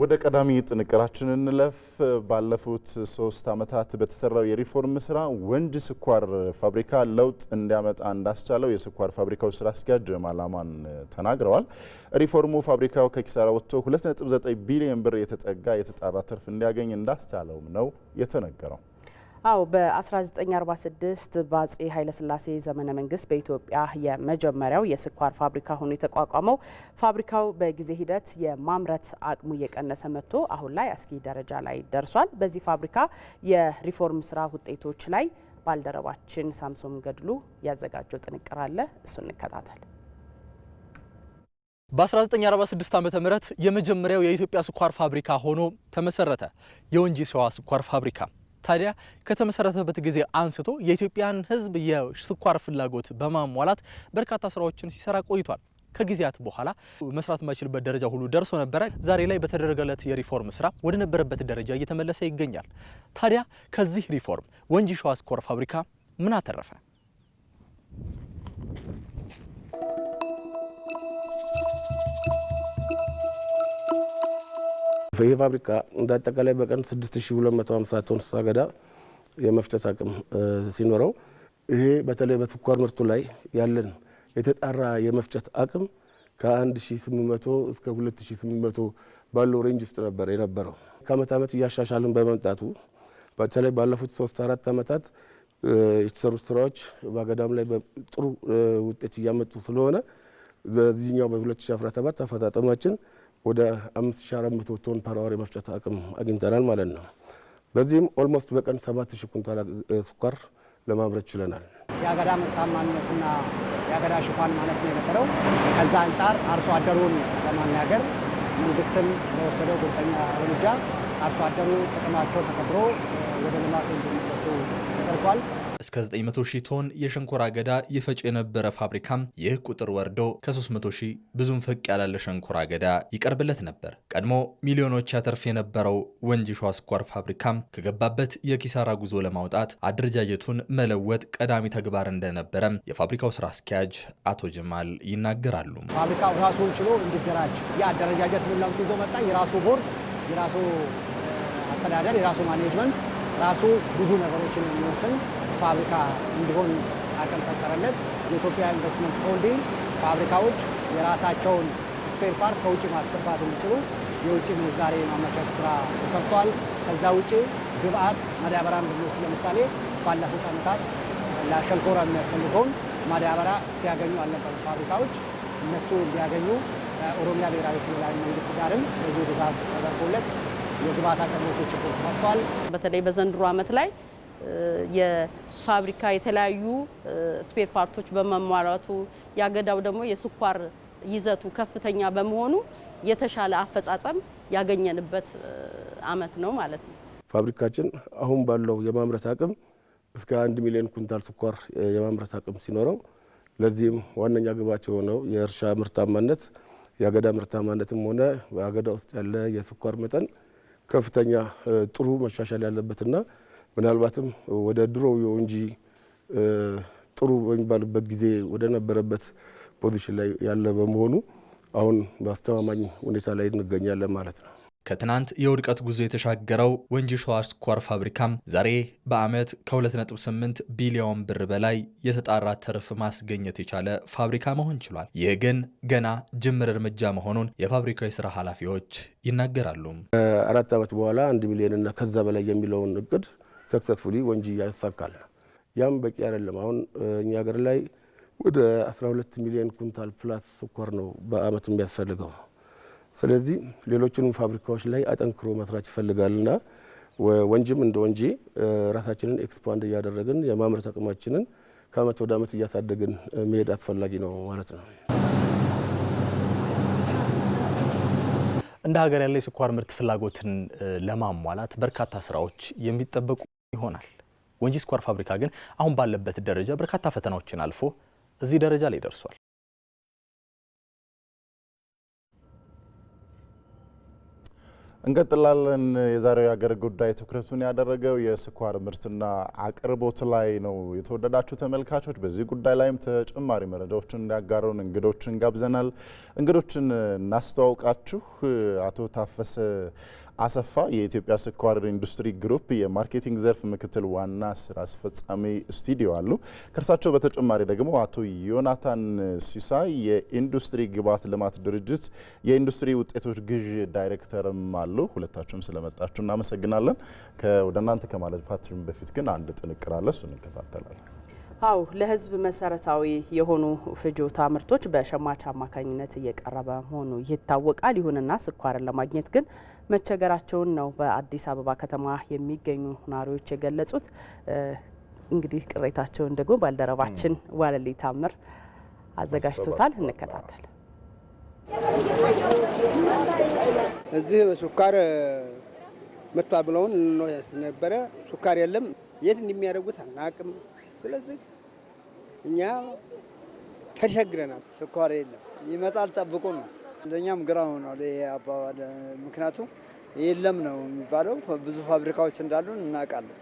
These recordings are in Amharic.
ወደ ቀዳሚ ጥንቅራችን እንለፍ። ባለፉት ሶስት ዓመታት በተሰራው የሪፎርም ስራ ወንጂ ስኳር ፋብሪካ ለውጥ እንዲያመጣ እንዳስቻለው የስኳር ፋብሪካው ስራ አስኪያጅ ማላማን ተናግረዋል። ሪፎርሙ ፋብሪካው ከኪሳራ ወጥቶ 2.9 ቢሊዮን ብር የተጠጋ የተጣራ ትርፍ እንዲያገኝ እንዳስቻለውም ነው የተነገረው። አዎ በ1946 በአጼ ኃይለስላሴ ዘመነ መንግስት በኢትዮጵያ የመጀመሪያው የስኳር ፋብሪካ ሆኖ የተቋቋመው ፋብሪካው በጊዜ ሂደት የማምረት አቅሙ እየቀነሰ መጥቶ አሁን ላይ አስጊ ደረጃ ላይ ደርሷል። በዚህ ፋብሪካ የሪፎርም ስራ ውጤቶች ላይ ባልደረባችን ሳምሶን ገድሉ ያዘጋጀው ጥንቅር አለ። እሱን እንከታተል። በ1946 ዓ ም የመጀመሪያው የኢትዮጵያ ስኳር ፋብሪካ ሆኖ ተመሰረተ፣ የወንጂ ሸዋ ስኳር ፋብሪካ ታዲያ ከተመሰረተበት ጊዜ አንስቶ የኢትዮጵያን ሕዝብ የስኳር ፍላጎት በማሟላት በርካታ ስራዎችን ሲሰራ ቆይቷል። ከጊዜያት በኋላ መስራት የማይችልበት ደረጃ ሁሉ ደርሶ ነበረ። ዛሬ ላይ በተደረገለት የሪፎርም ስራ ወደ ነበረበት ደረጃ እየተመለሰ ይገኛል። ታዲያ ከዚህ ሪፎርም ወንጂ ሸዋ ስኳር ፋብሪካ ምን አተረፈ? ይህ ፋብሪካ እንደ በቀን 6250 ቶን ስገዳ የመፍጨት አቅም ሲኖረው ይሄ በተለይ በስኳር ምርቱ ላይ ያለን የተጣራ የመፍጨት አቅም ከ1800 እስከ 2800 ባለው ሬንጅ ውስጥ ነበር የነበረው። ከአመት ዓመት እያሻሻልን በመምጣቱ በተለይ ባለፉት ሶስት አራት ዓመታት የተሰሩ ስራዎች በአገዳም ላይ ጥሩ ውጤት እያመጡ ስለሆነ በዚህኛው በ2017 አፈጣጠማችን ወደ 5400 ቶን ፓራዋር የመፍጨት አቅም አግኝተናል ማለት ነው። በዚህም ኦልሞስት በቀን 7000 ኩንታል ስኳር ለማምረት ችለናል። የአገዳ ምርታማነትና የአገዳ ሽፋን ማነስ ነው የነበረው። ከዛ አንጻር አርሶ አደሩን ለማናገር መንግስትም ለወሰደው ቁርጠኛ እርምጃ አርሶ አደሩ ጥቅማቸው ተከብሮ ወደ ልማት እንዲመለሱ ተደርጓል። እስከ 900 ሺህ ቶን የሸንኮራ አገዳ ይፈጭ የነበረ ፋብሪካም ይህ ቁጥር ወርዶ ከ300 ሺህ ብዙም ፈቅ ያላለ ሸንኮራ አገዳ ይቀርብለት ነበር። ቀድሞ ሚሊዮኖች ያተርፍ የነበረው ወንጂ ሸዋስኳር ፋብሪካም ከገባበት የኪሳራ ጉዞ ለማውጣት አደረጃጀቱን መለወጥ ቀዳሚ ተግባር እንደነበረም የፋብሪካው ስራ አስኪያጅ አቶ ጀማል ይናገራሉ። ፋብሪካው ራሱን ችሎ እንዲደራጅ የአደረጃጀት ሙላምቱ ይዞ መጣ። የራሱ ቦርድ፣ የራሱ አስተዳደር፣ የራሱ ማኔጅመንት ራሱ ብዙ ነገሮችን የሚወስን ፋብሪካ እንዲሆን አቅም ፈጠረለት። የኢትዮጵያ ኢንቨስትመንት ሆልዲንግ ፋብሪካዎች የራሳቸውን ስፔር ፓርት ከውጭ ማስገባት እንዲችሉ የውጭ ምንዛሬ ማመቻች ስራ ተሰርቷል። ከዛ ውጭ ግብአት ማዳበሪያ ብንወስድ ለምሳሌ ባለፉት ዓመታት ለሸንኮራ የሚያስፈልገውን ማዳበሪያ ሲያገኙ አልነበረም ፋብሪካዎች። እነሱ እንዲያገኙ ከኦሮሚያ ብሔራዊ ክልላዊ መንግስት ጋርም ብዙ ድጋፍ ተደርጎለት የግብአት አቅርቦቶች ችግር ተፈቷል። በተለይ በዘንድሮ ዓመት ላይ የፋብሪካ የተለያዩ ስፔር ፓርቶች በመሟላቱ ያገዳው ደግሞ የስኳር ይዘቱ ከፍተኛ በመሆኑ የተሻለ አፈጻጸም ያገኘንበት አመት ነው ማለት ነው። ፋብሪካችን አሁን ባለው የማምረት አቅም እስከ አንድ ሚሊዮን ኩንታል ስኳር የማምረት አቅም ሲኖረው ለዚህም ዋነኛ ግባቸው የሆነው የእርሻ ምርታማነት የአገዳ ምርታማነትም ሆነ በአገዳ ውስጥ ያለ የስኳር መጠን ከፍተኛ ጥሩ መሻሻል ያለበትና ምናልባትም ወደ ድሮው የወንጂ ጥሩ በሚባልበት ጊዜ ወደ ነበረበት ፖዚሽን ላይ ያለ በመሆኑ አሁን በአስተማማኝ ሁኔታ ላይ እንገኛለን ማለት ነው። ከትናንት የውድቀት ጉዞ የተሻገረው ወንጂ ሸዋ ስኳር ፋብሪካም ዛሬ በዓመት ከ2.8 ቢሊዮን ብር በላይ የተጣራ ትርፍ ማስገኘት የቻለ ፋብሪካ መሆን ችሏል። ይህ ግን ገና ጅምር እርምጃ መሆኑን የፋብሪካው የስራ ኃላፊዎች ይናገራሉ። አራት ዓመት በኋላ አንድ ሚሊዮንና ከዛ በላይ የሚለውን እቅድ ሰክሰስፉሊ ወንጂ ያሳካል። ያም በቂ አይደለም። አሁን እኛ ሀገር ላይ ወደ 12 ሚሊዮን ኩንታል ፕላስ ስኳር ነው በአመት የሚያስፈልገው። ስለዚህ ሌሎችንም ፋብሪካዎች ላይ አጠንክሮ መስራት ይፈልጋልና ወንጂም እንደ ወንጂ ራሳችንን ኤክስፓንድ እያደረግን የማምረት አቅማችንን ከአመት ወደ አመት እያሳደግን መሄድ አስፈላጊ ነው ማለት ነው። እንደ ሀገር ያለ የስኳር ምርት ፍላጎትን ለማሟላት በርካታ ስራዎች የሚጠበቁ ይሆናል። ወንጂ ስኳር ፋብሪካ ግን አሁን ባለበት ደረጃ በርካታ ፈተናዎችን አልፎ እዚህ ደረጃ ላይ ደርሷል። እንቀጥላለን። የዛሬው የሀገር ጉዳይ ትኩረቱን ያደረገው የስኳር ምርትና አቅርቦት ላይ ነው። የተወደዳችሁ ተመልካቾች፣ በዚህ ጉዳይ ላይም ተጨማሪ መረጃዎችን እንዲያጋሩን እንግዶችን ጋብዘናል። እንግዶችን እናስተዋውቃችሁ አቶ ታፈሰ አሰፋ የኢትዮጵያ ስኳር ኢንዱስትሪ ግሩፕ የማርኬቲንግ ዘርፍ ምክትል ዋና ስራ አስፈጻሚ ስቱዲዮ አሉ። ከእርሳቸው በተጨማሪ ደግሞ አቶ ዮናታን ሲሳይ የኢንዱስትሪ ግብዓት ልማት ድርጅት የኢንዱስትሪ ውጤቶች ግዥ ዳይሬክተርም አሉ። ሁለታችሁም ስለመጣችሁ እናመሰግናለን። ወደ እናንተ ከማለፋችን በፊት ግን አንድ ጥንቅር አለ፣ እሱን እንከታተላለን። አው ለህዝብ መሰረታዊ የሆኑ ፍጆታ ምርቶች በሸማች አማካኝነት እየቀረበ መሆኑ ይታወቃል። ይሁንና ስኳርን ለማግኘት ግን መቸገራቸውን ነው በአዲስ አበባ ከተማ የሚገኙ ነዋሪዎች የገለጹት። እንግዲህ ቅሬታቸውን ደግሞ ባልደረባችን ዋለሊ ታምር አዘጋጅቶታል። እንከታተል። እዚህ ሱካር መጥቷ ብለውን ነበረ። ሱካር የለም፣ የት እንደሚያደርጉት አናቅም። ስለዚህ እኛ ተሸግረናል። ስኳር የለም፣ ይመጣል ጠብቁ ነው ለኛም ግራ ሆኗል ይሄ አባባል። ምክንያቱም የለም ነው የሚባለው ብዙ ፋብሪካዎች እንዳሉ እናውቃለን፣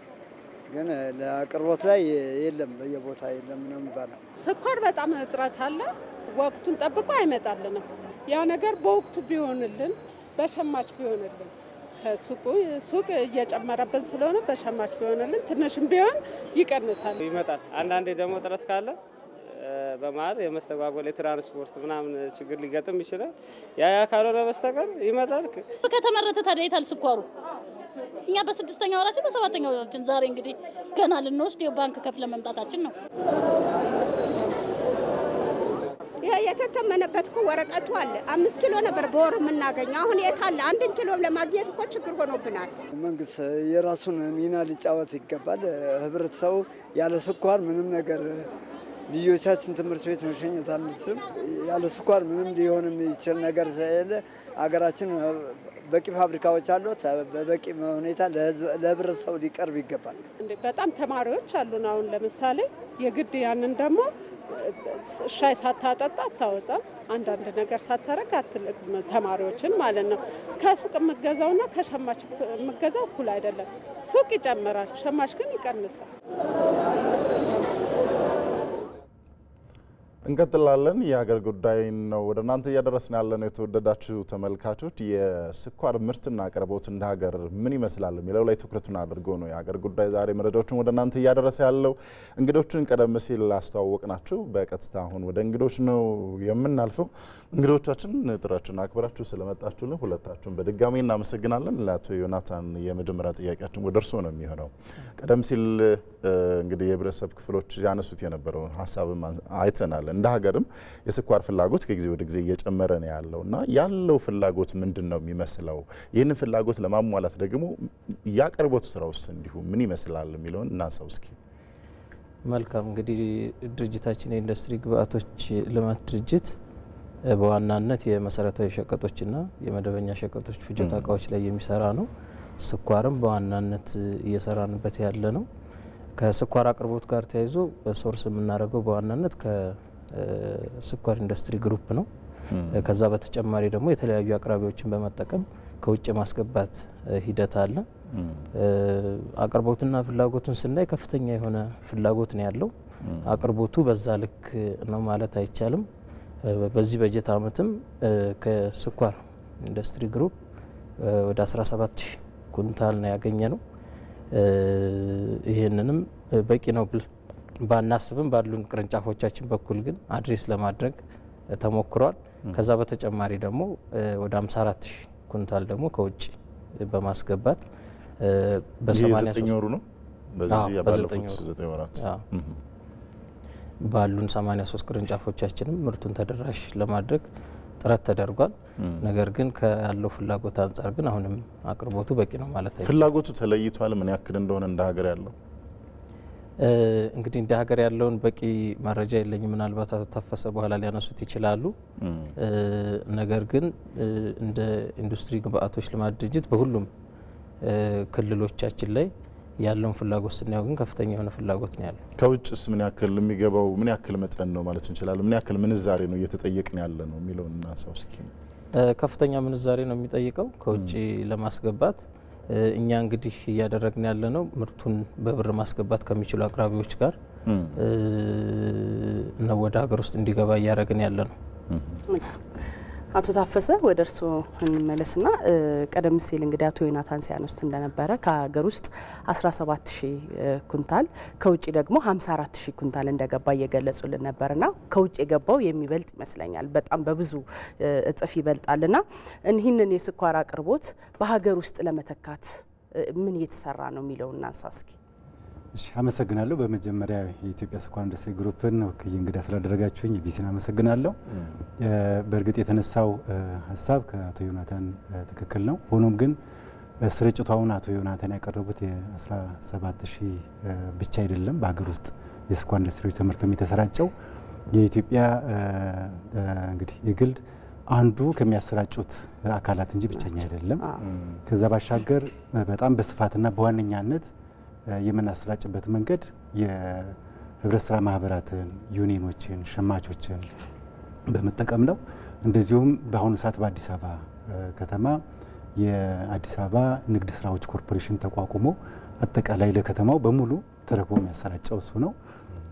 ግን ለአቅርቦት ላይ የለም በየቦታ የለም ነው የሚባለው። ስኳር በጣም እጥረት አለ። ወቅቱን ጠብቆ አይመጣልንም። ያ ነገር በወቅቱ ቢሆንልን በሸማች ቢሆንልን ከሱቁ ሱቅ እየጨመረብን ስለሆነ በሸማች ቢሆንልን ትንሽም ቢሆን ይቀንሳል። ይመጣል። አንዳንዴ ደግሞ እጥረት ካለ በመሀል የመስተጓጎል የትራንስፖርት ምናምን ችግር ሊገጥም ይችላል። ያ ያ ካልሆነ በስተቀር ይመጣል። ከተመረተ ታዲያ የታል ስኳሩ? እኛ በስድስተኛ ወራችን በሰባተኛ ወራችን ዛሬ እንግዲህ ገና ልንወስድ የባንክ ከፍለ መምጣታችን ነው። የተተመነበት እኮ ወረቀቱ አለ። አምስት ኪሎ ነበር በወር የምናገኘው አሁን የት አለ? አንድን ኪሎ ለማግኘት እኮ ችግር ሆኖብናል። መንግስት የራሱን ሚና ሊጫወት ይገባል። ህብረተሰቡ ያለ ስኳር ምንም ነገር ልጆቻችን ትምህርት ቤት መሸኘት አንችልም። ያለ ስኳር ምንም ሊሆን የሚችል ነገር ስለሌለ አገራችን በቂ ፋብሪካዎች አሉት። በበቂ ሁኔታ ለህብረተሰቡ ሊቀርብ ይገባል። በጣም ተማሪዎች አሉን። አሁን ለምሳሌ የግድ ያንን ደግሞ ሻይ ሳታጠጣ አታወጣም። አንዳንድ ነገር ሳታረግ አትልቅም። ተማሪዎችን ማለት ነው። ከሱቅ የምገዛውና ከሸማች የምገዛው እኩል አይደለም። ሱቅ ይጨምራል፣ ሸማች ግን ይቀንሳል። እንቀጥላለን። የሀገር ጉዳይ ነው ወደ እናንተ እያደረስን ያለ ነው። የተወደዳችሁ ተመልካቾች፣ የስኳር ምርትና አቅርቦት እንደ ሀገር ምን ይመስላል የሚለው ላይ ትኩረቱን አድርጎ ነው የሀገር ጉዳይ ዛሬ መረጃዎችን ወደ እናንተ እያደረሰ ያለው። እንግዶቹን ቀደም ሲል አስተዋወቅ ናችሁ። በቀጥታ አሁን ወደ እንግዶች ነው የምናልፈው። እንግዶቻችን ጥራችን አክብራችሁ ስለመጣችሁልን ሁለታችሁን በድጋሚ እናመሰግናለን። ለአቶ ዮናታን የመጀመሪያ ጥያቄያችን ወደ እርስዎ ነው የሚሆነው። ቀደም ሲል እንግዲህ የህብረተሰብ ክፍሎች ያነሱት የነበረውን ሀሳብም አይተናል። እንደ ሀገርም የስኳር ፍላጎት ከጊዜ ወደ ጊዜ እየጨመረ ነው ያለው እና ያለው ፍላጎት ምንድን ነው የሚመስለው? ይህንን ፍላጎት ለማሟላት ደግሞ የአቅርቦት ስራውስ እንዲሁ ምን ይመስላል የሚለውን እናንሳው እስኪ። መልካም እንግዲህ ድርጅታችን የኢንዱስትሪ ግብአቶች ልማት ድርጅት በዋናነት የመሰረታዊ ሸቀጦችና የመደበኛ ሸቀጦች ፍጆታ እቃዎች ላይ የሚሰራ ነው። ስኳርም በዋናነት እየሰራንበት ያለ ነው። ከስኳር አቅርቦት ጋር ተያይዞ ሶርስ የምናደርገው በዋናነት ስኳር ኢንዱስትሪ ግሩፕ ነው። ከዛ በተጨማሪ ደግሞ የተለያዩ አቅራቢዎችን በመጠቀም ከውጭ የማስገባት ሂደት አለ። አቅርቦትና ፍላጎቱን ስናይ ከፍተኛ የሆነ ፍላጎት ነው ያለው። አቅርቦቱ በዛ ልክ ነው ማለት አይቻልም። በዚህ በጀት አመትም ከስኳር ኢንዱስትሪ ግሩፕ ወደ 17 ኩንታል ነው ያገኘ ነው። ይህንንም በቂ ነው ብል ባናስብም ባሉን ቅርንጫፎቻችን በኩል ግን አድሬስ ለማድረግ ተሞክሯል። ከዛ በተጨማሪ ደግሞ ወደ 54 ሺህ ኩንታል ደግሞ ከውጭ በማስገባት በ89 ወሩ ነው ባሉን 83 ቅርንጫፎቻችንም ምርቱን ተደራሽ ለማድረግ ጥረት ተደርጓል። ነገር ግን ከያለው ፍላጎት አንጻር ግን አሁንም አቅርቦቱ በቂ ነው ማለት ፍላጎቱ ተለይቷል። ምን ያክል እንደሆነ እንደ ሀገር ያለው እንግዲህ እንደ ሀገር ያለውን በቂ መረጃ የለኝም። ምናልባት አቶ ታፈሰ በኋላ ሊያነሱት ይችላሉ። ነገር ግን እንደ ኢንዱስትሪ ግብአቶች ልማት ድርጅት በሁሉም ክልሎቻችን ላይ ያለውን ፍላጎት ስናየው ግን ከፍተኛ የሆነ ፍላጎት ነው ያለው። ከውጭስ ምን ያክል የሚገባው ምን ያክል መጠን ነው ማለት እንችላለን? ምን ያክል ምንዛሬ ነው እየተጠየቅን ያለ ነው የሚለውን እናንሳ። ከፍተኛ ምንዛሬ ነው የሚጠይቀው ከውጭ ለማስገባት እኛ እንግዲህ እያደረግን ያለ ነው ምርቱን በብር ማስገባት ከሚችሉ አቅራቢዎች ጋር ነው ወደ ሀገር ውስጥ እንዲገባ እያደረግን ያለ ነው። አቶ ታፈሰ ወደ እርስዎ ና ቀደም ሲል እንግዲህ አቶ ዮናታን ሲያነሱት እንደነበረ ከሀገር ውስጥ 17 ሺ ኩንታል ከውጭ ደግሞ 54 ሺ ኩንታል እንደገባ እየገለጹልን ነበርና ከውጭ የገባው የሚበልጥ ይመስለኛል። በጣም በብዙ እጥፍ ና ይህንን የስኳር አቅርቦት በሀገር ውስጥ ለመተካት ምን እየተሰራ ነው የሚለው? እናንሳ እስኪ። እሺ አመሰግናለሁ። በመጀመሪያ የኢትዮጵያ ስኳር ኢንዱስትሪ ግሩፕን ወክዬ እንግዳ ስላደረጋችሁኝ ቢሲን አመሰግናለሁ። በእርግጥ የተነሳው ሀሳብ ከአቶ ዮናታን ትክክል ነው። ሆኖም ግን ስርጭቱ አሁን አቶ ዮናታን ያቀረቡት የ17 ሺህ ብቻ አይደለም። በሀገር ውስጥ የስኳር ኢንዱስትሪዎች ተመርቶ የተሰራጨው የኢትዮጵያ እንግዲህ የግል አንዱ ከሚያሰራጩት አካላት እንጂ ብቸኛ አይደለም። ከዛ ባሻገር በጣም በስፋትና በዋነኛነት የምናሰራጭበት መንገድ የህብረት ስራ ማህበራትን፣ ዩኒየኖችን፣ ሸማቾችን በመጠቀም ነው። እንደዚሁም በአሁኑ ሰዓት በአዲስ አበባ ከተማ የአዲስ አበባ ንግድ ስራዎች ኮርፖሬሽን ተቋቁሞ አጠቃላይ ለከተማው በሙሉ ተረክቦ የሚያሰራጨው እሱ ነው።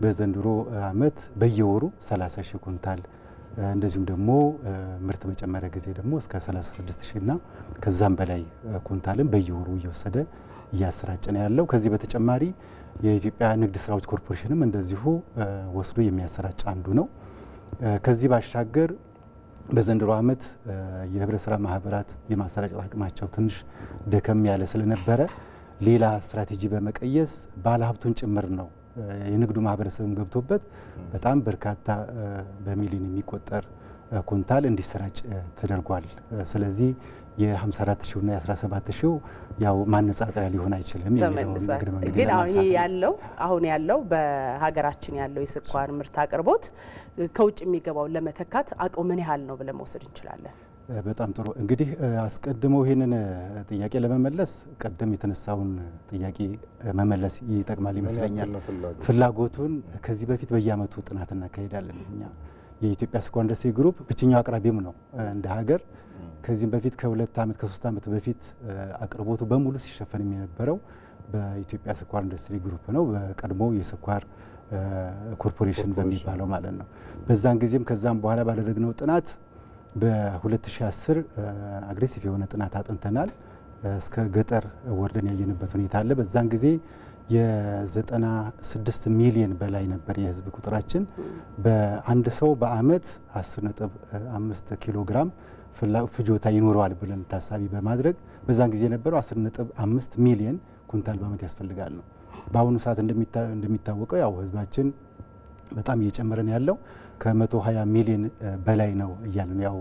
በዘንድሮ አመት በየወሩ 30 ሺህ ኩንታል እንደዚሁም ደግሞ ምርት በጨመረ ጊዜ ደግሞ እስከ 36 ሺህ እና ከዛም በላይ ኩንታልን በየወሩ እየወሰደ እያሰራጨ ነው ያለው። ከዚህ በተጨማሪ የኢትዮጵያ ንግድ ስራዎች ኮርፖሬሽንም እንደዚሁ ወስዶ የሚያሰራጭ አንዱ ነው። ከዚህ ባሻገር በዘንድሮ ዓመት የህብረት ስራ ማህበራት የማሰራጨት አቅማቸው ትንሽ ደከም ያለ ስለነበረ ሌላ ስትራቴጂ በመቀየስ ባለሀብቱን ጭምር ነው የንግዱ ማህበረሰብም ገብቶበት በጣም በርካታ በሚሊዮን የሚቆጠር ኩንታል እንዲሰራጭ ተደርጓል። ስለዚህ የ54 ሺው እና የ17 ሺው ያው ማነጻጸሪያ ሊሆን አይችልም። ግን አሁን ይሄ ያለው አሁን ያለው በሀገራችን ያለው የስኳር ምርት አቅርቦት ከውጭ የሚገባውን ለመተካት አቅሙ ምን ያህል ነው ብለን መውሰድ እንችላለን? በጣም ጥሩ እንግዲህ አስቀድሞ ይህንን ጥያቄ ለመመለስ ቀደም የተነሳውን ጥያቄ መመለስ ይጠቅማል ይመስለኛል። ፍላጎቱን ከዚህ በፊት በየአመቱ ጥናት እናካሄዳለን። እኛ የኢትዮጵያ ስኳር ኢንዱስትሪ ግሩፕ ብቸኛው አቅራቢም ነው እንደ ሀገር ከዚህም በፊት ከሁለት ዓመት ከሶስት ዓመት በፊት አቅርቦቱ በሙሉ ሲሸፈን የነበረው በኢትዮጵያ ስኳር ኢንዱስትሪ ግሩፕ ነው። በቀድሞ የስኳር ኮርፖሬሽን በሚባለው ማለት ነው። በዛን ጊዜም ከዛም በኋላ ባደረግነው ጥናት በ2010 አግሬሲቭ የሆነ ጥናት አጥንተናል። እስከ ገጠር ወርደን ያየንበት ሁኔታ አለ። በዛን ጊዜ የ96 ሚሊየን በላይ ነበር የህዝብ ቁጥራችን። በአንድ ሰው በአመት 10.5 ኪሎ ግራም ፍጆታ ይኖረዋል ብለን ታሳቢ በማድረግ በዛን ጊዜ የነበረው 1ነጥብ አምስት ሚሊዮን ኩንታል በዓመት ያስፈልጋል ነው። በአሁኑ ሰዓት እንደሚታወቀው ያው ህዝባችን በጣም እየጨመረን ያለው ከመቶ ሀያ ሚሊዮን በላይ ነው እያልን ያው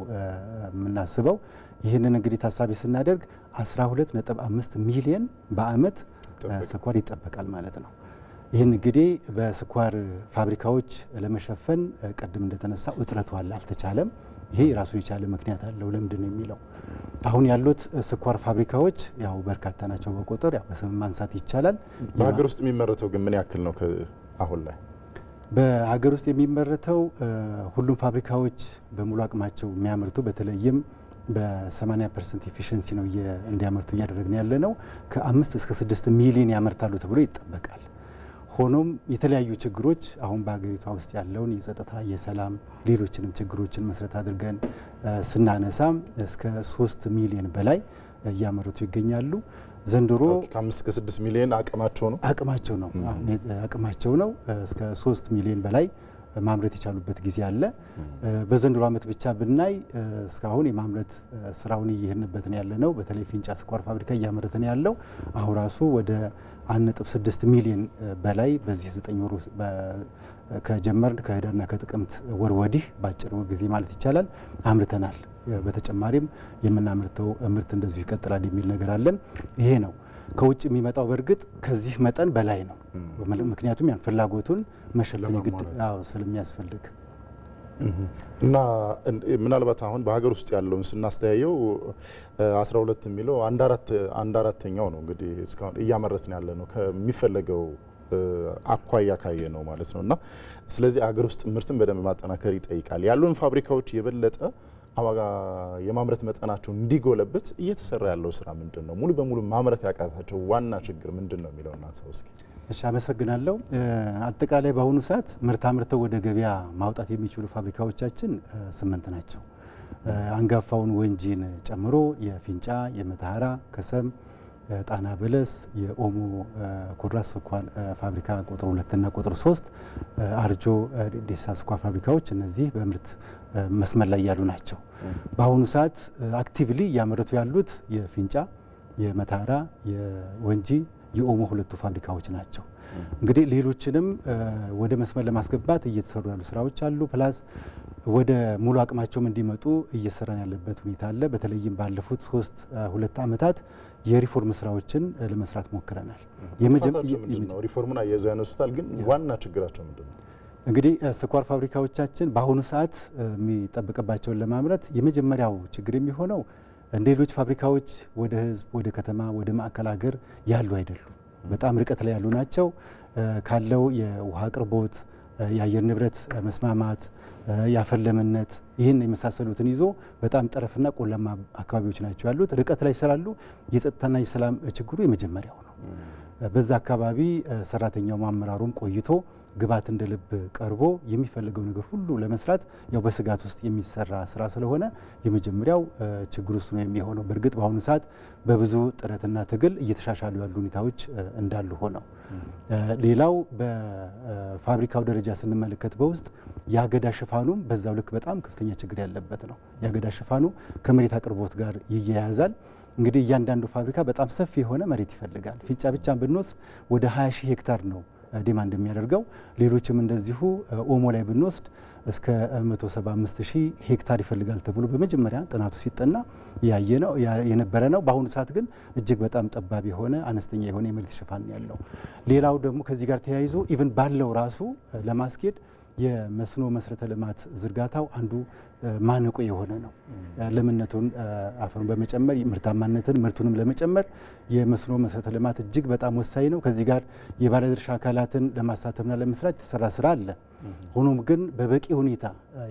የምናስበው ይህንን እንግዲህ ታሳቢ ስናደርግ አምስት ሚሊዮን በአመት ስኳር ይጠበቃል ማለት ነው። ይህን እንግዲህ በስኳር ፋብሪካዎች ለመሸፈን ቅድም እንደተነሳ እጥረቱ አልተቻለም። ይሄ ራሱን የቻለ ምክንያት አለው። ለምንድን ነው የሚለው አሁን ያሉት ስኳር ፋብሪካዎች ያው በርካታ ናቸው በቁጥር ያው በስም ማንሳት ይቻላል። በሀገር ውስጥ የሚመረተው ግን ምን ያክል ነው አሁን ላይ? በሀገር ውስጥ የሚመረተው ሁሉም ፋብሪካዎች በሙሉ አቅማቸው የሚያመርቱ በተለይም በ80 ፐርሰንት ኤፊሽንሲ ነው እንዲያመርቱ እያደረግን ያለ ነው። ከአምስት እስከ ስድስት ሚሊዮን ያመርታሉ ተብሎ ይጠበቃል። ሆኖም የተለያዩ ችግሮች አሁን በሀገሪቷ ውስጥ ያለውን የጸጥታ፣ የሰላም ሌሎችንም ችግሮችን መሰረት አድርገን ስናነሳም እስከ ሶስት ሚሊዮን በላይ እያመረቱ ይገኛሉ። ዘንድሮ ከአምስት ከስድስት ሚሊዮን አቅማቸው ነው አቅማቸው ነው አቅማቸው ነው እስከ ሶስት ሚሊዮን በላይ ማምረት የቻሉበት ጊዜ አለ። በዘንድሮ ዓመት ብቻ ብናይ እስካሁን የማምረት ስራውን እየሄድንበት ያለ ነው። በተለይ ፊንጫ ስኳር ፋብሪካ እያመረትን ያለው አሁን ራሱ ወደ 1.6 ሚሊዮን በላይ በዚህ 9 ወር ከጀመር ከህዳርና ከጥቅምት ወር ወዲህ በአጭር ጊዜ ማለት ይቻላል አምርተናል። በተጨማሪም የምናምርተው ምርት እንደዚሁ ይቀጥላል የሚል ነገር አለን። ይሄ ነው ከውጭ የሚመጣው በእርግጥ ከዚህ መጠን በላይ ነው። ምክንያቱም ያን ፍላጎቱን መሸፈን ግድ ስለሚያስፈልግ እና ምናልባት አሁን በሀገር ውስጥ ያለውን ስናስተያየው አስራ ሁለት የሚለው አንድ አራተኛው ነው እንግዲህ እስካሁን እያመረትን ያለ ነው ከሚፈለገው አኳያ ካየ ነው ማለት ነው። እና ስለዚህ አገር ውስጥ ምርትን በደንብ ማጠናከር ይጠይቃል። ያሉን ፋብሪካዎች የበለጠ አዋጋ የማምረት መጠናቸው እንዲጎለበት እየተሰራ ያለው ስራ ምንድን ነው? ሙሉ በሙሉ ማምረት ያቃታቸው ዋና ችግር ምንድን ነው የሚለውን አንሳው እስኪ። እሺ አመሰግናለሁ። አጠቃላይ በአሁኑ ሰዓት ምርታምርተው ወደ ገበያ ማውጣት የሚችሉ ፋብሪካዎቻችን ስምንት ናቸው። አንጋፋውን ወንጂን ጨምሮ የፊንጫ፣ የመተሐራ፣ ከሰም፣ ጣና በለስ፣ የኦሞ ኮድራ ስኳር ፋብሪካ ቁጥር ሁለትና ቁጥር ሶስት፣ አርጆ ዴሳ ስኳር ፋብሪካዎች እነዚህ በምርት መስመር ላይ ያሉ ናቸው። በአሁኑ ሰዓት አክቲቭሊ እያመረቱ ያሉት የፊንጫ፣ የመታራ የወንጂ የኦሞ ሁለቱ ፋብሪካዎች ናቸው። እንግዲህ ሌሎችንም ወደ መስመር ለማስገባት እየተሰሩ ያሉ ስራዎች አሉ። ፕላስ ወደ ሙሉ አቅማቸውም እንዲመጡ እየሰራን ያለበት ሁኔታ አለ። በተለይም ባለፉት ሶስት ሁለት አመታት የሪፎርም ስራዎችን ለመስራት ሞክረናል። ሪፎርሙን አያይዘው ያነሱታል፣ ግን ዋና ችግራቸው ምንድን ነው? እንግዲህ ስኳር ፋብሪካዎቻችን በአሁኑ ሰዓት የሚጠበቅባቸውን ለማምረት የመጀመሪያው ችግር የሚሆነው እንደ ሌሎች ፋብሪካዎች ወደ ህዝብ፣ ወደ ከተማ፣ ወደ ማዕከል ሀገር ያሉ አይደሉም። በጣም ርቀት ላይ ያሉ ናቸው። ካለው የውሃ አቅርቦት፣ የአየር ንብረት መስማማት፣ የአፈር ለምነት ይህን የመሳሰሉትን ይዞ በጣም ጠረፍና ቆላማ አካባቢዎች ናቸው ያሉት። ርቀት ላይ ስላሉ የጸጥታና የሰላም ችግሩ የመጀመሪያው ነው። በዛ አካባቢ ሰራተኛውም አመራሩም ቆይቶ ግባት እንደ ልብ ቀርቦ የሚፈልገው ነገር ሁሉ ለመስራት ያው በስጋት ውስጥ የሚሰራ ስራ ስለሆነ የመጀመሪያው ችግር ውስጥ ነው የሚሆነው። በእርግጥ በአሁኑ ሰዓት በብዙ ጥረትና ትግል እየተሻሻሉ ያሉ ሁኔታዎች እንዳሉ ሆነው፣ ሌላው በፋብሪካው ደረጃ ስንመለከት በውስጥ የአገዳ ሽፋኑም በዛው ልክ በጣም ከፍተኛ ችግር ያለበት ነው። የአገዳ ሽፋኑ ከመሬት አቅርቦት ጋር ይያያዛል። እንግዲህ እያንዳንዱ ፋብሪካ በጣም ሰፊ የሆነ መሬት ይፈልጋል። ፊንጫ ብቻ ብንወስድ ወደ 20 ሺህ ሄክታር ነው ዲማንድ የሚያደርገው። ሌሎችም እንደዚሁ ኦሞ ላይ ብንወስድ እስከ 175000 ሄክታር ይፈልጋል ተብሎ በመጀመሪያ ጥናቱ ሲጠና ያየ ነው የነበረ ነው። በአሁኑ ሰዓት ግን እጅግ በጣም ጠባብ የሆነ አነስተኛ የሆነ የመሬት ሽፋን ያለው ሌላው ደግሞ ከዚህ ጋር ተያይዞ ኢቭን ባለው ራሱ ለማስኬድ የመስኖ መሰረተ ልማት ዝርጋታው አንዱ ማነቆ የሆነ ነው። ለምነቱን አፈሩን በመጨመር ምርታማነትን ምርቱንም ለመጨመር የመስኖ መሰረተ ልማት እጅግ በጣም ወሳኝ ነው። ከዚህ ጋር የባለድርሻ አካላትን ለማሳተፍና ለመስራት የተሰራ ስራ አለ። ሆኖም ግን በበቂ ሁኔታ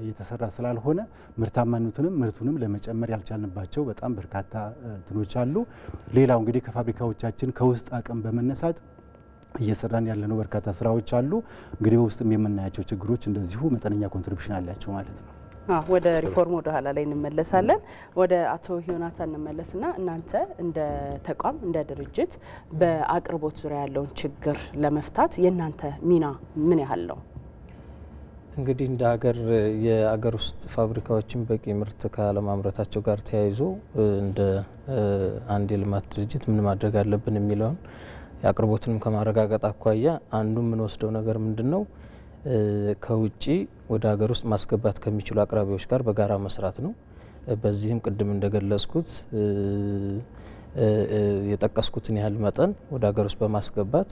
የተሰራ ስላልሆነ ምርታማነቱንም ምርቱንም ለመጨመር ያልቻልንባቸው በጣም በርካታ እንትኖች አሉ። ሌላው እንግዲህ ከፋብሪካዎቻችን ከውስጥ አቅም በመነሳት እየሰራን ያለነው በርካታ ስራዎች አሉ። እንግዲህ በውስጥም የምናያቸው ችግሮች እንደዚሁ መጠነኛ ኮንትሪቢሽን አላቸው ማለት ነው። ወደ ሪፎርም ወደ ኋላ ላይ እንመለሳለን። ወደ አቶ ዮናታ እንመለስና እናንተ እንደ ተቋም እንደ ድርጅት በአቅርቦት ዙሪያ ያለውን ችግር ለመፍታት የእናንተ ሚና ምን ያህል ነው? እንግዲህ እንደ ሀገር የአገር ውስጥ ፋብሪካዎችን በቂ ምርት ካለማምረታቸው ጋር ተያይዞ እንደ አንድ የልማት ድርጅት ምን ማድረግ አለብን የሚለውን የአቅርቦትንም ከማረጋገጥ አኳያ አንዱ የምንወስደው ነገር ምንድን ነው? ከውጭ ወደ ሀገር ውስጥ ማስገባት ከሚችሉ አቅራቢዎች ጋር በጋራ መስራት ነው። በዚህም ቅድም እንደገለጽኩት የጠቀስኩትን ያህል መጠን ወደ ሀገር ውስጥ በማስገባት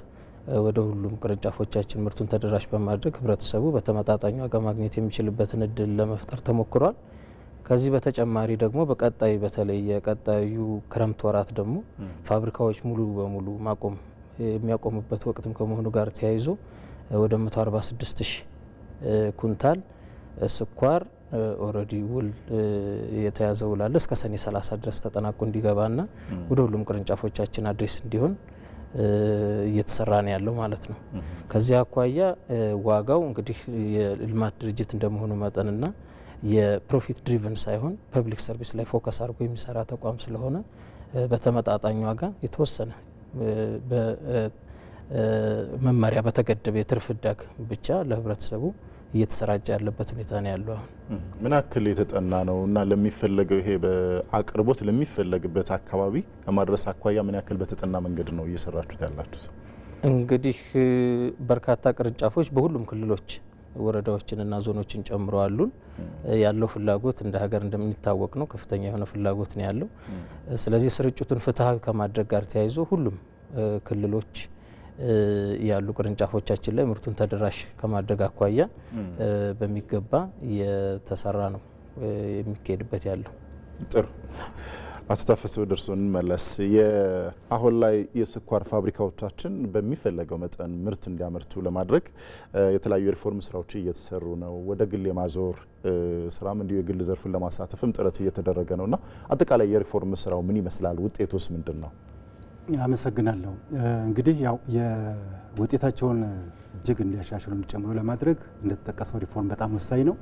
ወደ ሁሉም ቅርንጫፎቻችን ምርቱን ተደራሽ በማድረግ ህብረተሰቡ በተመጣጣኝ ዋጋ ማግኘት የሚችልበትን እድል ለመፍጠር ተሞክሯል። ከዚህ በተጨማሪ ደግሞ በቀጣይ በተለይ የቀጣዩ ክረምት ወራት ደግሞ ፋብሪካዎች ሙሉ በሙሉ ማቆም የሚያቆሙበት ወቅትም ከመሆኑ ጋር ተያይዞ ወደ 146 ሺህ ኩንታል ስኳር ኦልሬዲ ውል የተያዘ ውል አለ። እስከ ሰኔ 30 ድረስ ተጠናቆ እንዲገባና ወደ ሁሉም ቅርንጫፎቻችን አድሬስ እንዲሆን እየተሰራ ነው ያለው ማለት ነው። ከዚህ አኳያ ዋጋው እንግዲህ የልማት ድርጅት እንደመሆኑ መጠንና የፕሮፊት ድሪቨን ሳይሆን ፐብሊክ ሰርቪስ ላይ ፎከስ አድርጎ የሚሰራ ተቋም ስለሆነ በተመጣጣኝ ዋጋ የተወሰነ በመመሪያ በተገደበ የትርፍ ህዳግ ብቻ ለህብረተሰቡ እየተሰራጨ ያለበት ሁኔታ ነው ያለው። አሁን ምን ያክል የተጠና ነው እና ለሚፈለገው ይሄ በአቅርቦት ለሚፈለግበት አካባቢ ከማድረስ አኳያ ምን ያክል በተጠና መንገድ ነው እየሰራችሁት ያላችሁት? እንግዲህ በርካታ ቅርንጫፎች በሁሉም ክልሎች ወረዳዎችንና ዞኖችን ጨምሮ አሉን። ያለው ፍላጎት እንደ ሀገር እንደሚታወቅ ነው፣ ከፍተኛ የሆነ ፍላጎት ነው ያለው። ስለዚህ ስርጭቱን ፍትሐዊ ከማድረግ ጋር ተያይዞ ሁሉም ክልሎች ያሉ ቅርንጫፎቻችን ላይ ምርቱን ተደራሽ ከማድረግ አኳያ በሚገባ እየተሰራ ነው የሚካሄድበት ያለው ጥሩ አቶ ታፈሰ ወደ እርስዎ እንመለስ። አሁን ላይ የስኳር ፋብሪካዎቻችን በሚፈለገው መጠን ምርት እንዲያመርቱ ለማድረግ የተለያዩ የሪፎርም ስራዎች እየተሰሩ ነው። ወደ ግል የማዞር ስራም እንዲሁ የግል ዘርፉን ለማሳተፍም ጥረት እየተደረገ ነው እና አጠቃላይ የሪፎርም ስራው ምን ይመስላል? ውጤቱስ ምንድን ነው? አመሰግናለሁ። እንግዲህ ያው የውጤታቸውን እጅግ እንዲያሻሽሉ እንዲጨምሩ ለማድረግ እንደተጠቀሰው ሪፎርም በጣም ወሳኝ ነው።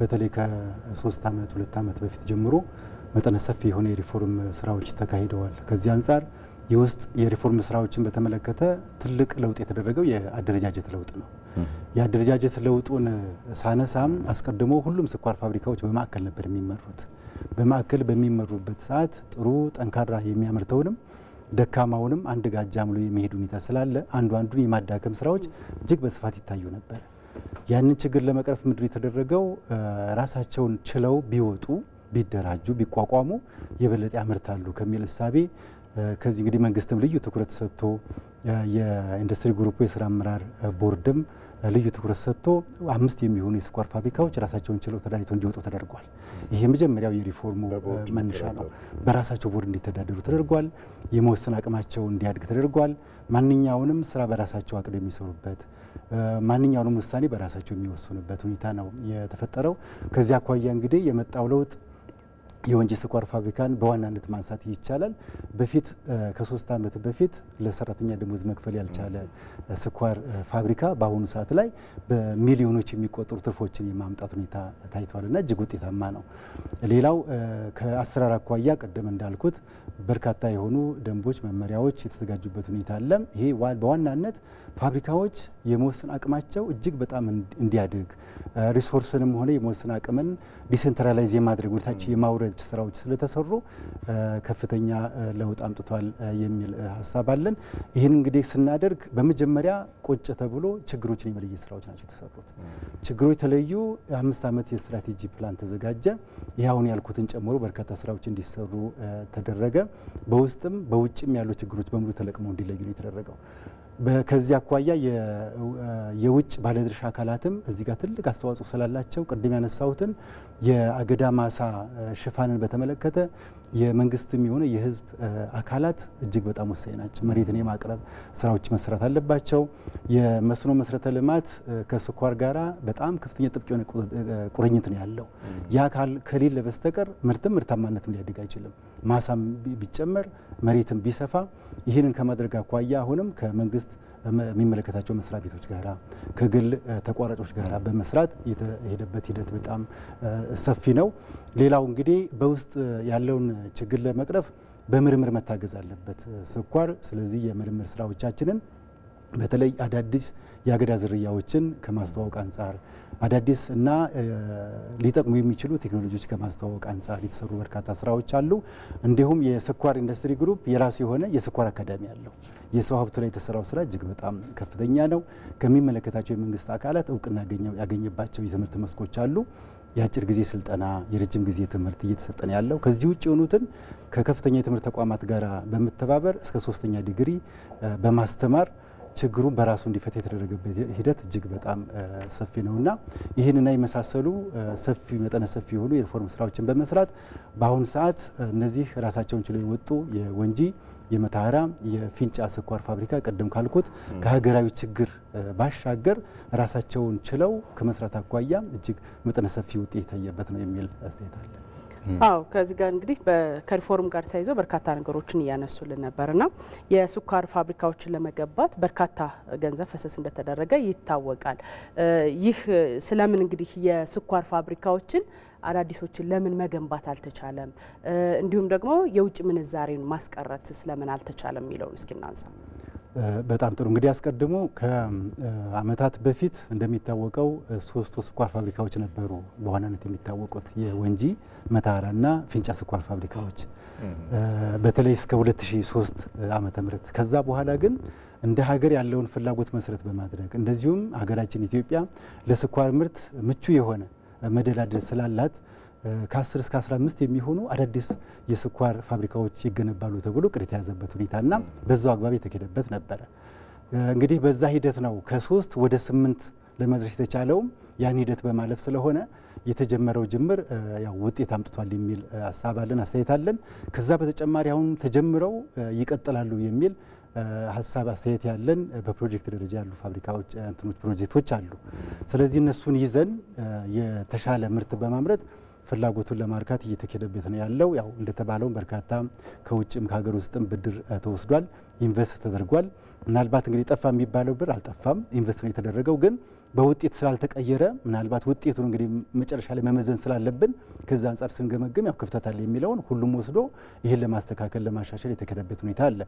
በተለይ ከሶስት ዓመት ሁለት ዓመት በፊት ጀምሮ መጠነ ሰፊ የሆነ የሪፎርም ስራዎች ተካሂደዋል። ከዚህ አንጻር የውስጥ የሪፎርም ስራዎችን በተመለከተ ትልቅ ለውጥ የተደረገው የአደረጃጀት ለውጥ ነው። የአደረጃጀት ለውጡን ሳነሳም አስቀድሞ ሁሉም ስኳር ፋብሪካዎች በማዕከል ነበር የሚመሩት። በማዕከል በሚመሩበት ሰዓት ጥሩ ጠንካራ የሚያመርተውንም ደካማውንም አንድ ጋር አጃምሎ የሚሄድ ሁኔታ ስላለ አንዱ አንዱን የማዳከም ስራዎች እጅግ በስፋት ይታዩ ነበር። ያንን ችግር ለመቅረፍ ምንድን የተደረገው ራሳቸውን ችለው ቢወጡ ቢደራጁ ቢቋቋሙ የበለጠ ያመርታሉ ከሚል እሳቤ ከዚህ እንግዲህ መንግስትም ልዩ ትኩረት ሰጥቶ የኢንዱስትሪ ግሩፕ የስራ አመራር ቦርድም ልዩ ትኩረት ሰጥቶ አምስት የሚሆኑ የስኳር ፋብሪካዎች ራሳቸውን ችለው ተደራጅተው እንዲወጡ ተደርጓል። ይሄ የመጀመሪያው የሪፎርሙ መነሻ ነው። በራሳቸው ቦርድ እንዲተዳደሩ ተደርጓል። የመወሰን አቅማቸው እንዲያድግ ተደርጓል። ማንኛውንም ስራ በራሳቸው አቅደው የሚሰሩበት ማንኛውንም ውሳኔ በራሳቸው የሚወስኑበት ሁኔታ ነው የተፈጠረው። ከዚህ አኳያ እንግዲህ የመጣው ለውጥ የወንጂ ስኳር ፋብሪካን በዋናነት ማንሳት ይቻላል። በፊት ከሶስት ዓመት በፊት ለሰራተኛ ደሞዝ መክፈል ያልቻለ ስኳር ፋብሪካ በአሁኑ ሰዓት ላይ በሚሊዮኖች የሚቆጠሩ ትርፎችን የማምጣት ሁኔታ ታይቷልና እጅግ ውጤታማ ነው። ሌላው ከአሰራር አኳያ ቀደም እንዳልኩት በርካታ የሆኑ ደንቦች፣ መመሪያዎች የተዘጋጁበት ሁኔታ አለ። ይሄ በዋናነት ፋብሪካዎች የመወሰን አቅማቸው እጅግ በጣም እንዲያድግ ሪሶርስንም ሆነ የመወሰን አቅምን ዲሴንትራላይዝ የማድረግ ወደታች የማውረድ ስራዎች ስለተሰሩ ከፍተኛ ለውጥ አምጥቷል የሚል ሀሳብ አለን። ይህን እንግዲህ ስናደርግ በመጀመሪያ ቁጭ ተብሎ ችግሮችን የመለየት ስራዎች ናቸው የተሰሩት። ችግሮች የተለዩ አምስት ዓመት የስትራቴጂ ፕላን ተዘጋጀ። ይህ አሁን ያልኩትን ጨምሮ በርካታ ስራዎች እንዲሰሩ ተደረገ። በውስጥም በውጭም ያሉ ችግሮች በሙሉ ተለቅመው እንዲለዩ ነው የተደረገው። ከዚህ አኳያ የውጭ ባለድርሻ አካላትም እዚህ ጋር ትልቅ አስተዋጽኦ ስላላቸው ቅድም ያነሳሁትን የአገዳ ማሳ ሽፋንን በተመለከተ የመንግስትም የሆነ የህዝብ አካላት እጅግ በጣም ወሳኝ ናቸው። መሬትን የማቅረብ ስራዎች መሰራት አለባቸው። የመስኖ መሰረተ ልማት ከስኳር ጋራ በጣም ከፍተኛ ጥብቅ የሆነ ቁርኝት ነው ያለው። ያ ከሌለ በስተቀር ምርትም ምርታማነትም ሊያድግ አይችልም። ማሳም ቢጨመር መሬትም ቢሰፋ፣ ይህንን ከማድረግ አኳያ አሁንም ከመንግስት የሚመለከታቸው መስሪያ ቤቶች ጋራ ከግል ተቋራጮች ጋራ በመስራት የተሄደበት ሂደት በጣም ሰፊ ነው። ሌላው እንግዲህ በውስጥ ያለውን ችግር ለመቅረፍ በምርምር መታገዝ አለበት ስኳር። ስለዚህ የምርምር ስራዎቻችንን በተለይ አዳዲስ የአገዳ ዝርያዎችን ከማስተዋወቅ አንጻር አዳዲስ እና ሊጠቅሙ የሚችሉ ቴክኖሎጂዎች ከማስተዋወቅ አንጻር የተሰሩ በርካታ ስራዎች አሉ። እንዲሁም የስኳር ኢንዱስትሪ ግሩፕ የራሱ የሆነ የስኳር አካዳሚ አለው። የሰው ሀብቱ ላይ የተሰራው ስራ እጅግ በጣም ከፍተኛ ነው። ከሚመለከታቸው የመንግስት አካላት እውቅና ያገኘባቸው የትምህርት መስኮች አሉ። የአጭር ጊዜ ስልጠና፣ የረጅም ጊዜ ትምህርት እየተሰጠን ያለው ከዚህ ውጭ የሆኑትን ከከፍተኛ የትምህርት ተቋማት ጋር በመተባበር እስከ ሶስተኛ ዲግሪ በማስተማር ችግሩን በራሱ እንዲፈታ የተደረገበት ሂደት እጅግ በጣም ሰፊ እና ይህንና የመሳሰሉ ሰፊ መጠነ ሰፊ የሆኑ የሪፎርም ስራዎችን በመስራት በአሁኑ ሰዓት እነዚህ ራሳቸውን ችለው የወጡ የወንጂ የመታራ የፊንጫ ስኳር ፋብሪካ ቀደም ካልኩት ከሀገራዊ ችግር ባሻገር ራሳቸውን ችለው ከመስራት አኳያ እጅግ መጠነ ሰፊ ውጤት የታየበት ነው የሚል አስተያየት አለ። አዎ ከዚህ ጋር እንግዲህ ከሪፎርም ጋር ተያይዞ በርካታ ነገሮችን እያነሱልን ነበርና የስኳር ፋብሪካዎችን ለመገንባት በርካታ ገንዘብ ፈሰስ እንደተደረገ ይታወቃል። ይህ ስለምን እንግዲህ የስኳር ፋብሪካዎችን አዳዲሶችን ለምን መገንባት አልተቻለም፣ እንዲሁም ደግሞ የውጭ ምንዛሬን ማስቀረት ስለምን አልተቻለም የሚለውን እስኪ እናንሳ። በጣም ጥሩ እንግዲህ አስቀድሞ ከአመታት በፊት እንደሚታወቀው ሶስቱ ስኳር ፋብሪካዎች ነበሩ በዋናነት የሚታወቁት የወንጂ መተሃራና ፊንጫ ስኳር ፋብሪካዎች በተለይ እስከ 2003 ዓመተ ምህረት ከዛ በኋላ ግን እንደ ሀገር ያለውን ፍላጎት መሰረት በማድረግ እንደዚሁም ሀገራችን ኢትዮጵያ ለስኳር ምርት ምቹ የሆነ መደላደል ስላላት ከ10 እስከ 15 የሚሆኑ አዳዲስ የስኳር ፋብሪካዎች ይገነባሉ ተብሎ ቅድ የተያዘበት ሁኔታና በዛው አግባብ የተኬደበት ነበረ። እንግዲህ በዛ ሂደት ነው ከሶስት ወደ ስምንት ለመድረስ የተቻለውም ያን ሂደት በማለፍ ስለሆነ የተጀመረው ጅምር ያው ውጤት አምጥቷል የሚል ሀሳብ አለን፣ አስተያየት አለን። ከዛ በተጨማሪ አሁን ተጀምረው ይቀጥላሉ የሚል ሀሳብ አስተያየት ያለን በፕሮጀክት ደረጃ ያሉ ፋብሪካዎች እንትኖች ፕሮጀክቶች አሉ። ስለዚህ እነሱን ይዘን የተሻለ ምርት በማምረት ፍላጎቱን ለማርካት እየተኬደበት ነው ያለው። ያው እንደተባለው በርካታ ከውጭም ከሀገር ውስጥም ብድር ተወስዷል፣ ኢንቨስት ተደርጓል። ምናልባት እንግዲህ ጠፋ የሚባለው ብር አልጠፋም፣ ኢንቨስት ነው የተደረገው ግን በውጤት ስላልተቀየረ ምናልባት ውጤቱን እንግዲህ መጨረሻ ላይ መመዘን ስላለብን ከዛ አንጻር ስንገመግም ያው ክፍተት አለ የሚለውን ሁሉም ወስዶ ይህን ለማስተካከል ለማሻሸል የተከደበት ሁኔታ አለ።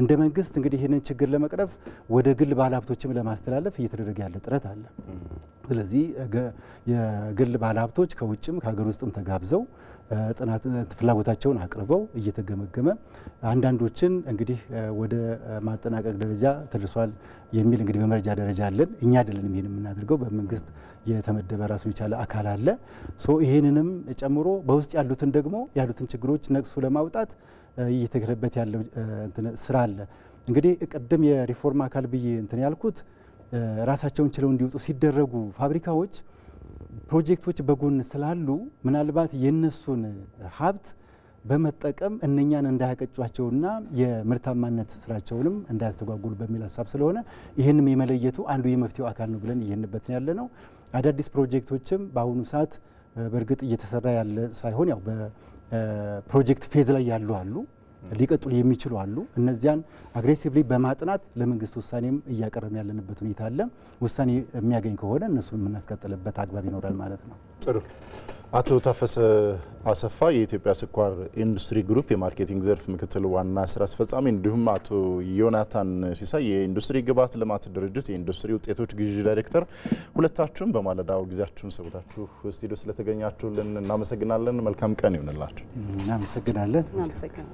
እንደ መንግስት እንግዲህ ይህንን ችግር ለመቅረፍ ወደ ግል ባለሀብቶችም ለማስተላለፍ እየተደረገ ያለ ጥረት አለ። ስለዚህ የግል ባለሀብቶች ከውጭም ከሀገር ውስጥም ተጋብዘው ጥናት ፍላጎታቸውን አቅርበው እየተገመገመ አንዳንዶችን እንግዲህ ወደ ማጠናቀቅ ደረጃ ተደርሷል የሚል እንግዲህ በመረጃ ደረጃ አለን። እኛ አይደለንም ይህን የምናደርገው በመንግስት የተመደበ ራሱ የቻለ አካል አለ። ሶ ይህንንም ጨምሮ በውስጥ ያሉትን ደግሞ ያሉትን ችግሮች ነቅሶ ለማውጣት እየተገለበት ያለው ስራ አለ። እንግዲህ ቅድም የሪፎርም አካል ብዬ እንትን ያልኩት ራሳቸውን ችለው እንዲወጡ ሲደረጉ ፋብሪካዎች ፕሮጀክቶች በጎን ስላሉ ምናልባት የእነሱን ሀብት በመጠቀም እነኛን እንዳያቀጯቸውና የምርታማነት ስራቸውንም እንዳያስተጓጉሉ በሚል ሀሳብ ስለሆነ ይህንም የመለየቱ አንዱ የመፍትሄው አካል ነው ብለን እየንበት ያለ ነው። አዳዲስ ፕሮጀክቶችም በአሁኑ ሰዓት በእርግጥ እየተሰራ ያለ ሳይሆን ያው በፕሮጀክት ፌዝ ላይ ያሉ አሉ። ሊቀጥሉ የሚችሉ አሉ። እነዚያን አግሬሲቭሊ በማጥናት ለመንግስት ውሳኔም እያቀረብን ያለንበት ሁኔታ አለ። ውሳኔ የሚያገኝ ከሆነ እነሱን የምናስቀጥልበት አግባብ ይኖራል ማለት ነው። ጥሩ አቶ ታፈሰ አሰፋ የኢትዮጵያ ስኳር ኢንዱስትሪ ግሩፕ የማርኬቲንግ ዘርፍ ምክትል ዋና ስራ አስፈጻሚ፣ እንዲሁም አቶ ዮናታን ሲሳይ የኢንዱስትሪ ግብዓት ልማት ድርጅት የኢንዱስትሪ ውጤቶች ግዢ ዳይሬክተር፣ ሁለታችሁም በማለዳው ጊዜያችሁን ሰውታችሁ ስቱዲዮ ስለተገኛችሁልን እናመሰግናለን። መልካም ቀን ይሆንላችሁ። እናመሰግናለን።